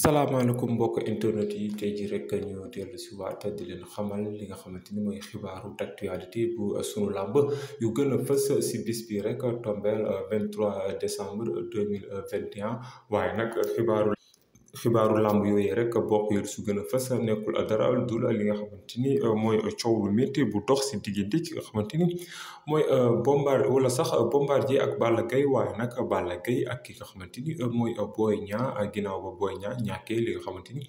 salaamaaleykum mbokk internet yi tey ji rek ñu dellu si waat di leen xamal li nga xamante ni mooy xibaaru d'actualité bu sunu làmb yu gën a fës si bis bi rek tombeel 23 décembre 2021 waaye nag xibaaru xibaaru làmb yooyu rek bokk yi su gën a fës nekkul a dara dul li nga xamante ni euh, mooy coow lu métti bu dox si diggante di nga xamante ni mooy euh, bombar wala sax bombardier ak Balla Gaye waaye nag Balla Gaye ak ki nga xamante ni euh, mooy ñaa a ginnaaw ba Boy Niang ñàkkee li nga xamante ni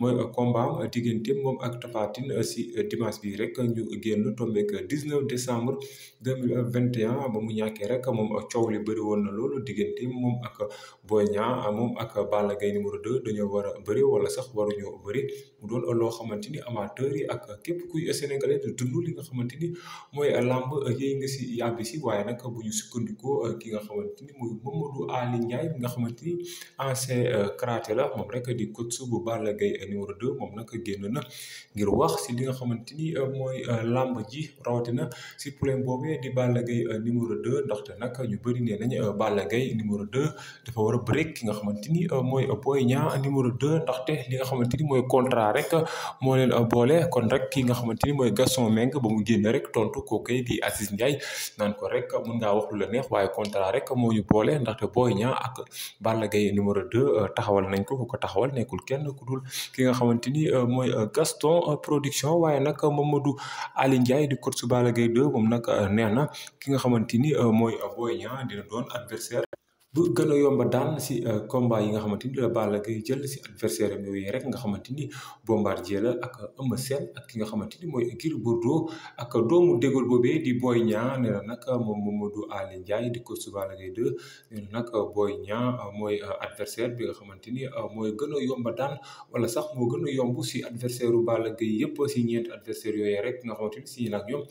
mooy combat am diggante moom ak Tapha Tine euh, si euh, dimanche bi rek ñu génn tombeek 19 décembre 2021 ba mu ñàkkee rek moom coow li bëri woon na loolu diggante moom ak Boy Niang ah, moom ak Balla Gaye numéro 2 dañoo war a bëri wala sax waruñoo bëri mu doon loo xamante ni amateur yi ak képp kuy sénégalais di dund li nga xamante ni mooy làmb nga si yàbbi si waaye nag bu ñu sukkandikoo euh, ki nga xamante ni mooy Mamadou Ali Ndiaye bi nga xamante ni ancien karaté la moom rek di coach bu Balla Gaye numéro 2 moom nag génn na ngir wax si li nga xamante ni euh, mooy euh, làmb ji rawatina si problème boobee di Balla euh, numéro 2 ndaxte nag ñu bëri nee nañ Balla Gaye numéro 2 dafa war a bëri ki nga xamante ni mooy Boy Niang numéro 2 ndaxte nga xamante ni mooy contrat rek moo leen boole kon rek ki nga xamante ni mooy Gaston Mbengue ba mu génn rek tontu ko kooku di Aziz Ndiaye naan ko rek mun ngaa wax lu la neex waaye contrat rek moo ñu boole ndaxte Boy ñaa ak Balla Gaye numéro 2 taxawal nañ ko ku ko taxawal nekkul kenn ku dul ki nga xamante ni euh, mooy euh, Gaston euh, production waaye nag Mamadou Ali Ndiaye di coach Balla Gaye 2 moom nag nee na ki nga xamante ni mooy dina doon adversaire bu gën a yomba daan si euh, combat yi nga xamante ni la euh, Balla Gaye jël si adversaire am yooyu rek nga xamante ni la euh, ki nga xamante ni mooy Gris Bordeaux ak doomu dégol boobee di Boy Niang nee na nag moom Mamadou Aly Ndiaye di ko su Balla Gaye 2 nee na nag Boy Niang mooy bi nga xamante ni mooy gën a yomba daan wala sax moo gën yomb si adversaire u Balla Gaye yëpp si ñeent adversaire yooyu rek nga xamante si nag ñoom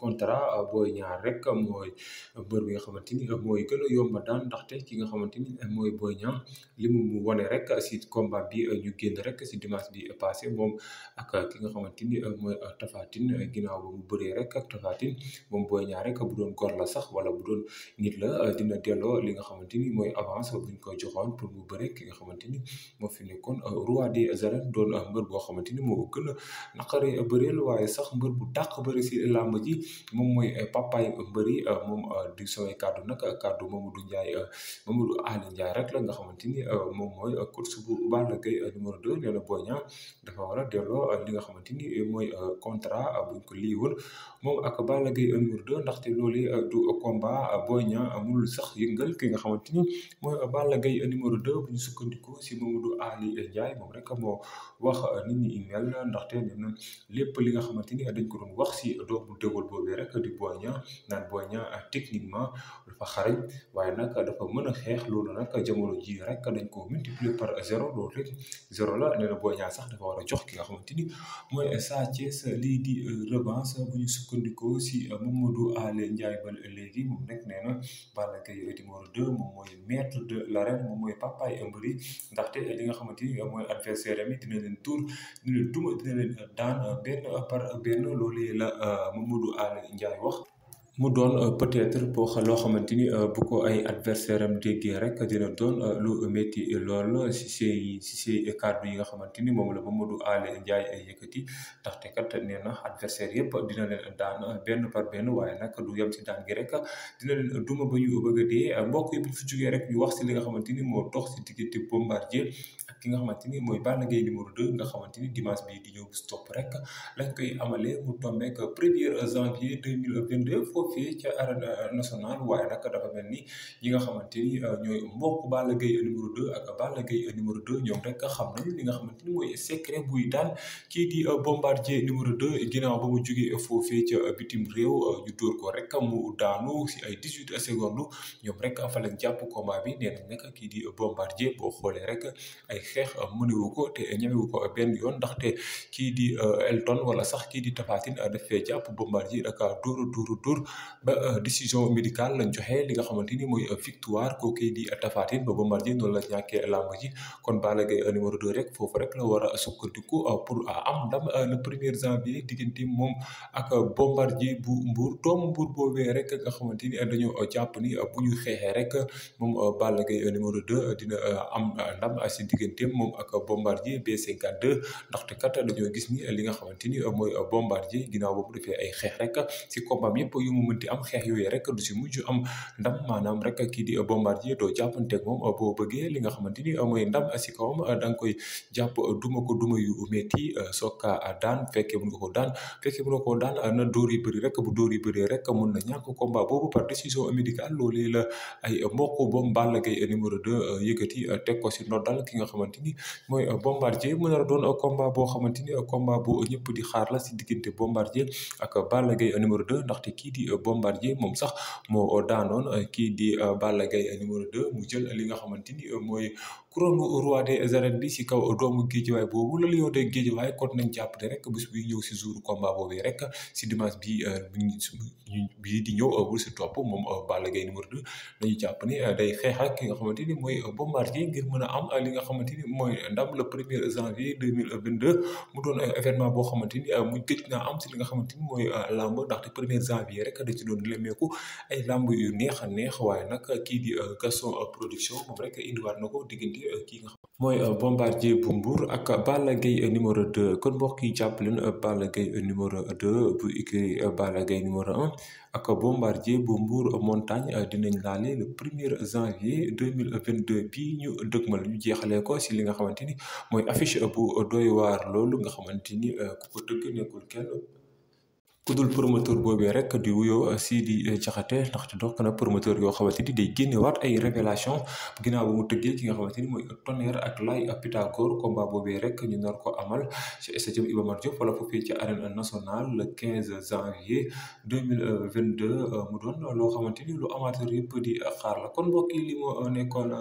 contrat Boy Niang rek mooy mbër bi nga xamante mooy gën a yomba daan ndaxte ki nga xamante ni eh, mooy Boy Niang li mu wone rek si combat bi eh, ñu génn rek si dimanche bi passé moom ak eh, ki nga xamante ni mooy Tapha Tine ginnaaw ba bëree rek ak Tapha Tine moom Boy Niang rek bu doon góor la sax wala bu doon nit la dina delloo li nga xamante ni mooy avance bu ñu ko joxoon pour mu bëre ki nga xamante ni moo fi ne kon roi des arènes doon mbër boo xamante ni moo gën a naqare bëreel waaye sax mbër bu dàq bëri si làmb ji moom mooy papaay mbëri moom di sowee kàddu nag kàddu du Ndiaye Mamadou Aly la nga xamante ni euh, moom mooy coach bu Balla Gaye euh, numéro 2 nee na Boy Niang dafa war a euh, li nga xamante ni mooy contrat buñ ko lii woon moom ak Balla Gaye numéro 2 ndaxte loolee du combat Boy Niang amul sax yëngal ki nga xamante ni mooy Balla Gaye numéro 2 bu ñu sukkandiku si Mamadou Aly Ndiaye moom rek moo wax nit ñi mel ndaxte nee na lépp li nga xamante a dañ ko doon wax si doomu dëggal boobee rek di Boy Niang naan Boy a techniquement dafa xarañ waaye nag dafa mën a xeex loolu nag jamono ji rek dañ ko multiplier par zéro loolu rek zéro la nee na Boy Niang sax dafa war a jox ki nga xamante ni mooy Sa Thiès lii di euh, bu ñu sukkandikoo si euh, Mamadou Alé Ndiaye ba léegi moom nag nee na Balla Gaye numéro 2 moom mooy maître de l'arène moom mooy papaay ëmbër yi ndaxte li nga xamante ni mooy adversaire am yi dina leen tuur dina leen duma dina leen daan euh, benn par benn loolee la Mamadou Alé Ndiaye wax mu doon euh, peut-être boo loo xamante ni euh, bu ko ay adversaire am déggee rek dina doon euh, lu métti lool si seen si yi nga xamante ni moom la Mamadou Alé Ndiaye ay yëkkati ndaxte kat nee na adversaire yëpp dina leen daan benn par benn waaye nag du yem si daan gi rek dina leen duma ba ñu bëgg a dee mbokk yi bu fi jógee rek ñu wax si li nga xamante ni moo dox si diggante Bombardier ak ki nga xamante ni mooy Balla Gaye numéro 2 nga xamante ni dimanche bii di ñëw bu stop rek fii ca arène euh, nationale waaye nag dafa mel ni ñi nga xamante ni euh, ñooy mbokk Balla Gaye numéro 2 numéro 2 ñoom rek xam nañu li nga xamante ni mooy buy daan kii di euh, bombardier numéro 2 ginnaaw ba mu jógee foofee ca bitim réew ñu dóor ko rek mu daanu si ay 18 secondes ñoom rek fa lañ jàpp combat bi nee nañ kii di bombardier boo xoolee rek ay xeex mënewu ko te ñemewu ko benn yoon ndaxte kii di Elton wala sax kii di Tapha Tine daf fee jàpp bombardier da kaa dóor dóor ba euh, décision médicale la joxe li nga xamante ni mooy euh, victoire kooku di Tapha Tine ba Bombardier noonu la ñàkkee làmb ji kon Balla Gaye euh, numéro 2 rek foofu rek la war a sukkandiku pour am ndam le premier janvier diggante moom ak Bombardier bu Mbour doomu Mbour boobee rek nga xamante ni dañoo jàpp ni bu ñu xeexee rek moom Balla numéro 2 dina am ndam si digganteem moom ak Bombardier B52 ndaxte kat dañoo gis li nga xamante ni mooy Bombardier ginnaaw boobu defee ay xeex rek si combat yëpp yu mu mënti am xeex yooyu rek du si mujj am ndam maanaam rek kii di bombardier doo da nga koy jàpp duma ko a yu métti sokka daan fekkee mun nga ko daan fekkee mun nga ko daan na dóor yi bëri rek bu dóor yi bëri rek mun na ñàkk combat boobu par décision médicale loolee la ay mbokk boom Balla Gaye numéro 2 euh, yëkkati euh, teg ko si ndoddal ki nga xamante ni mooy euh, bombardier mu a doon combat boo xamante ni combat bu ñëpp di xaar la si diggante bombardier ak Balla Gaye numéro 2 ndaxte kii di Bombardier moom sax moo daanoon kii di Balla Gaye numéro 2 mu jël li nga xamante ni mooy couronne roi des arènes bi si kaw doomu géejawaay boobu la Lion de Guédiawaye kon nañ jàpp ne rek bés buy ñëw si jour combat boobu rek si dimanche euh, bi di ñëw euh, bul si topp moom euh, Balla Gaye numéro 2 dañu jàpp ne day xeex ak ki nga xamante ni mooy Bombardier ngir mën a am li nga xamante ni mooy ndam le premier janvier 2022 mu doon événement boo xamante ni mu gëj naa am si li nga xamante ni mooy làmb te premier janvier rek da ci doon lemeeku ay làmb yu neex a neex waaye nag kii di Gaston production moom rek indiwaat na ko diggante kii nga xam mooy euh, bombardier bu Mbour ak Balla Gaye numéro 2 kon mbokk yi jàpp leen euh, Balla Gaye numéro 2 bu écurie euh, Balla Gaye numéro 1 ak bombardier bu Mbour montagne dinañ laale le premier janvier 2022 bii ñu dëgmal ñu jeexale ko si li nga xamante ni mooy affiche bu doy waar loolu nga xamante ni ku ko dëgg nekkul kenn ku dul promoteur boobee rek di wuyoo Sidi Diakhaté ndaxte dokk promoteur yoo xamante ni day génne waat ay révélation ginnaaw ba mu tëggee ki nga xamante ni mooy Tonnerre ak Laye Pythagore combat boobee rek ñu nar ko amal ci stade Iba Mar euh, mu doon loo xamante lu amateur yëpp di xaar la kon mbokk yi li moo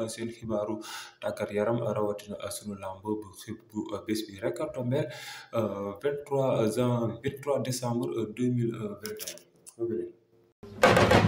seen xibaaru tàggat yaram rawatina sunu lamb bu xib bu bés bi rek tombé 23 jan 23 décembre. deux mille vingt et un